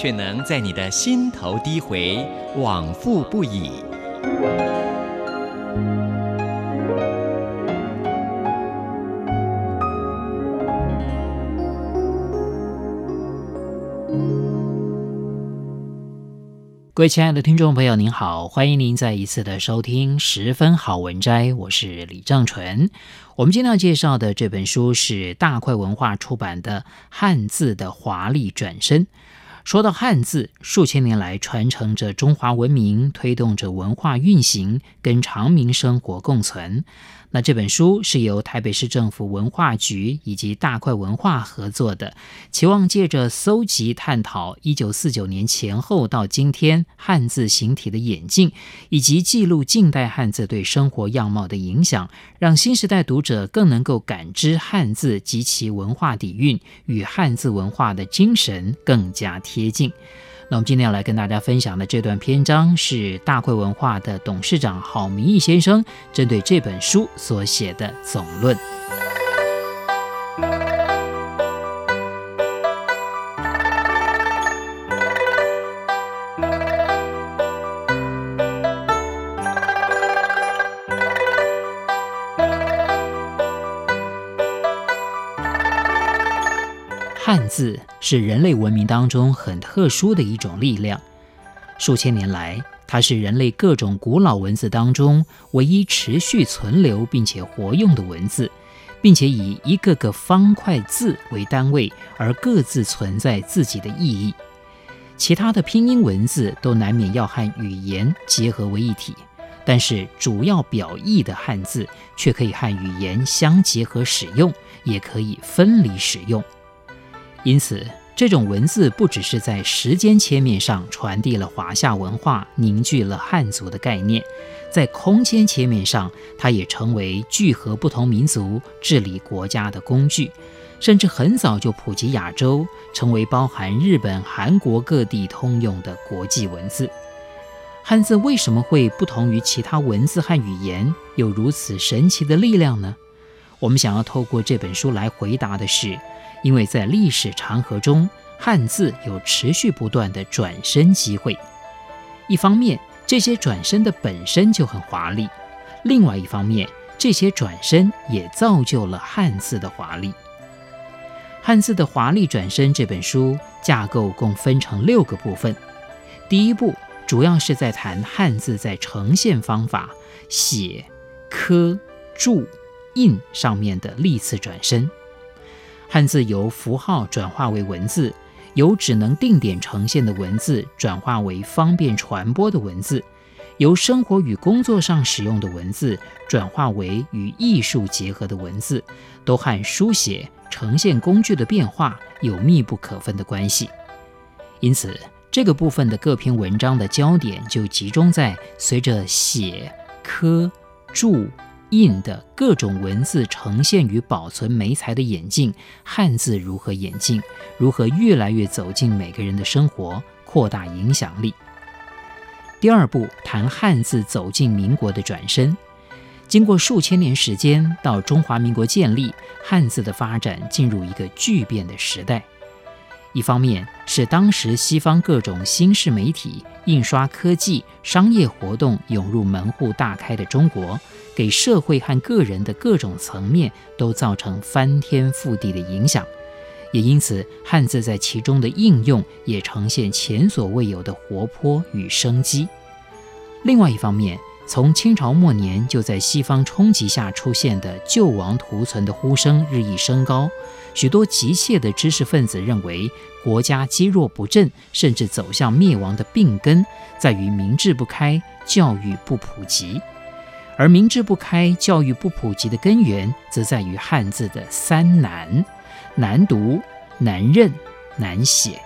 卻能在你的心頭低回，往復不已。各位親愛的聽眾朋友，您好，歡迎您再一次的收聽《十分好文摘》，我是李正淳。我們今天要介紹的這本書是大塊文化出版的《漢字的華麗轉身》。說到漢字，數千年來傳承着中華文明，推動着文化運行，跟常民生活共存。那這本書是由台北市政府文化局以及大塊文化合作的，期望借着搜集、探討一九四九年前後到今天漢字形體的演進，以及記錄近代漢字對生活樣貌的影響，讓新時代讀者更能夠感知漢字及其文化底蘊與漢字文化的精神更加貼近。那麼，今天要來跟大家分享的這段篇章，是大塊文化的董事長郝明義先生針對這本書所寫的總論。漢字。是人類文明當中很特殊的一種力量。數千年來，它是人類各種古老文字當中唯一持續存留並且活用的文字，並且以一個個方塊字為單位，而各自存在自己的意義。其他的拼音文字都難免要和語言結合為一體，但是主要表意的漢字卻可以和語言相結合使用，也可以分離使用。因此，這種文字不只是在時間切面上傳遞了華夏文化、凝聚了漢族的概念，在空間切面上，它也成為聚合不同民族、治理國家的工具，甚至很早就普及亞洲，成為包含日本、韓國各地通用的國際文字。漢字為什麼會不同於其他文字和語言，有如此神奇的力量呢？我們想要透過這本書來回答的是，因為在歷史長河中，漢字有持續不斷的轉身機會。一方面，這些轉身的本身就很華麗；另外一方面，這些轉身也造就了漢字的華麗。《漢字的華麗轉身》這本書架構共分成六個部分，第一步主要是在談漢字在呈現方法、寫、刻、鑄。印上面的歷次轉身，漢字由符號轉化為文字，由只能定點呈現的文字轉化為方便傳播的文字，由生活與工作上使用的文字轉化為與藝術結合的文字，都和書寫呈現工具的變化有密不可分的關係。因此，這個部分的各篇文章的焦點就集中在隨着寫、刻、鑄。印的各種文字呈現與保存媒材的演進。漢字如何演進，如何越來越走進每個人的生活，擴大影響力。第二步，談漢字走進民國的轉身。經過數千年時間，到中華民國建立，漢字的發展進入一個巨變的時代。一方面是當時西方各種新式媒體、印刷科技、商業活動湧入門戶大開的中國。給社會和個人的各種層面都造成翻天覆地的影響，也因此漢字在其中的應用也呈現前所未有的活潑與生機。另外一方面，從清朝末年就在西方衝擊下出現的救亡圖存的呼聲日益升高，許多急切的知識分子認為，國家積弱不振，甚至走向滅亡的病根在於民智不開、教育不普及。而民智不開、教育不普及的根源，則在於漢字的三難：難讀、難認、難寫。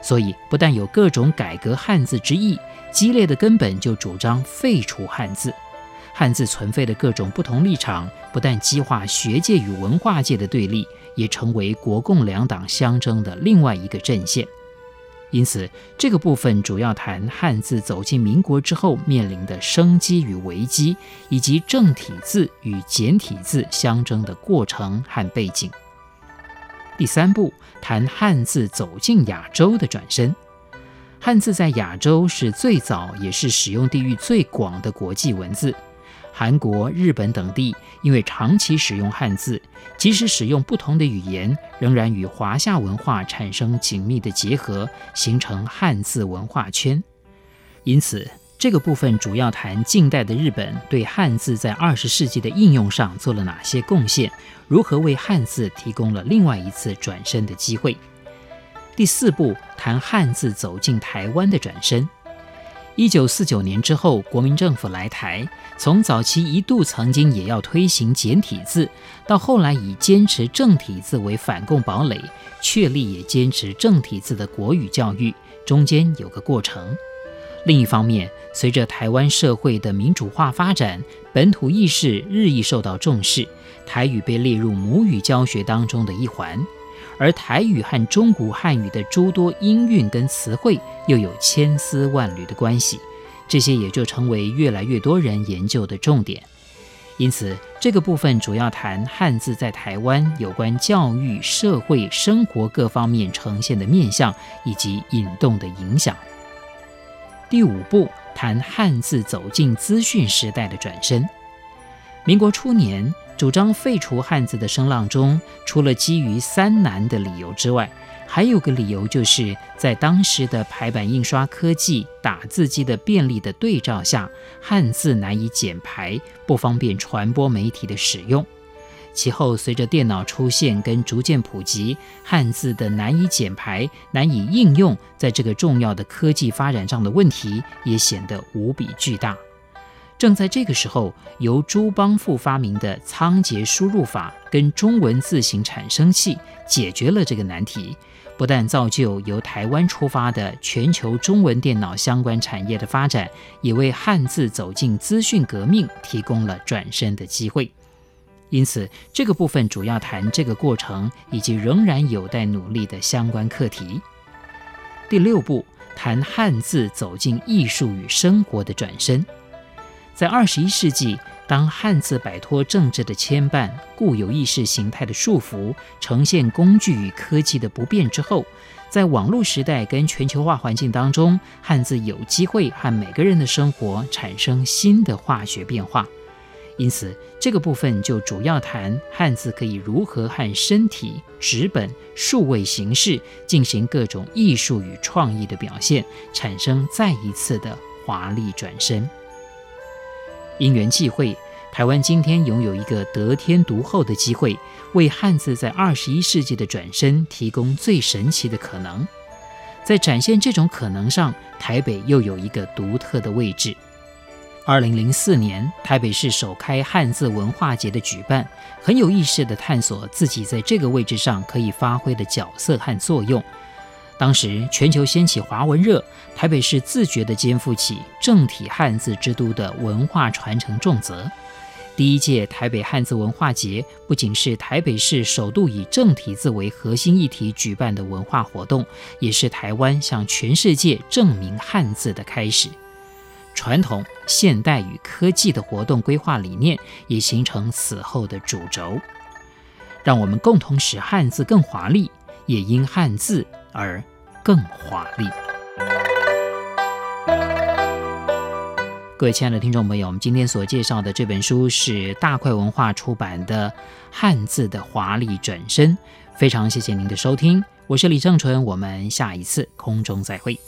所以，不但有各種改革漢字之意，激烈的根本就主張廢除漢字。漢字存廢的各種不同立場，不但激化學界與文化界的對立，也成為國共兩黨相爭的另外一個陣線。因此，這個部分主要談漢字走進民國之後面臨的生機與危機，以及正體字與簡體字相爭的過程和背景。第三步，談漢字走進亞洲的轉身。漢字在亞洲是最早也是使用地域最廣的國際文字。韓國、日本等地因為長期使用漢字，即使使用不同的語言，仍然與華夏文化產生緊密的結合，形成漢字文化圈。因此，這個部分主要談近代的日本對漢字在二十世紀的應用上做了哪些貢獻，如何為漢字提供了另外一次轉身的機會。第四部，談漢字走進台灣的轉身。一九四九年之後，國民政府來台，從早期一度曾經也要推行簡體字，到後來以堅持正體字為反共堡壘，確立也堅持正體字的國語教育，中間有個過程。另一方面，隨着台灣社會的民主化發展，本土意識日益受到重視，台語被列入母語教學當中的一環。而台語和中古漢語的諸多音韻跟詞彙又有千絲萬縷的關係，這些也就成為越來越多人研究的重點。因此，這個部分主要談漢字在台灣有關教育、社會、生活各方面呈現的面向以及引動的影響。第五步，談漢字走進資訊時代的轉身。民國初年，主張廢除漢字的聲浪中，除了基於三難的理由之外，還有個理由，就是在當時的排版印刷科技、打字機的便利的對照下，漢字難以減排，不方便傳播媒體的使用。其後，隨着電腦出現跟逐漸普及，漢字的難以減排、難以應用，在這個重要的科技發展上的問題，也顯得無比巨大。正在這個時候，由朱邦復發明的倉頡輸入法跟中文字形產生器解決了這個難題，不但造就由台灣出發的全球中文電腦相關產業的發展，也為漢字走進資訊革命提供了轉身的機會。因此，這個部分主要談這個過程以及仍然有待努力的相關課題。第六部，談漢字走進藝術與生活的轉身。在二十一世紀，當漢字擺脫政治的牽絆、固有意識形態的束縛，呈現工具與科技的不變之後，在網絡時代跟全球化環境當中，漢字有機會和每個人的生活產生新的化學變化。因此，這個部分就主要談漢字可以如何和身體、紙本、數位形式進行各種藝術與創意的表現，產生再一次的華麗轉身。因緣際會，台灣今天擁有一個得天獨厚的機會，為漢字在二十一世紀的轉身提供最神奇的可能。在展現這種可能上，台北又有一個獨特的位置。二零零四年，台北市首開漢字文化節的舉辦，很有意識地探索自己在這個位置上可以發揮的角色和作用。當時全球掀起華文熱，台北市自覺地肩負起正體漢字之都的文化傳承重責。第一屆台北漢字文化節不僅是台北市首度以正體字為核心議題舉辦的文化活動，也是台灣向全世界證明漢字的開始。傳統、現代與科技的活動規劃理念也形成此後的主軸，讓我們共同使漢字更華麗，也因漢字而。更華麗。各位親愛的聽眾朋友，我們今天所介紹的這本書是大塊文化出版的《漢字的華麗轉身》，非常謝謝您的收聽，我是李正淳，我們下一次空中再會。